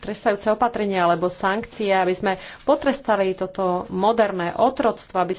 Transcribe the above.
trestajúce opatrenia alebo sankcie, aby sme potrestali toto moderné otroctvo, aby sme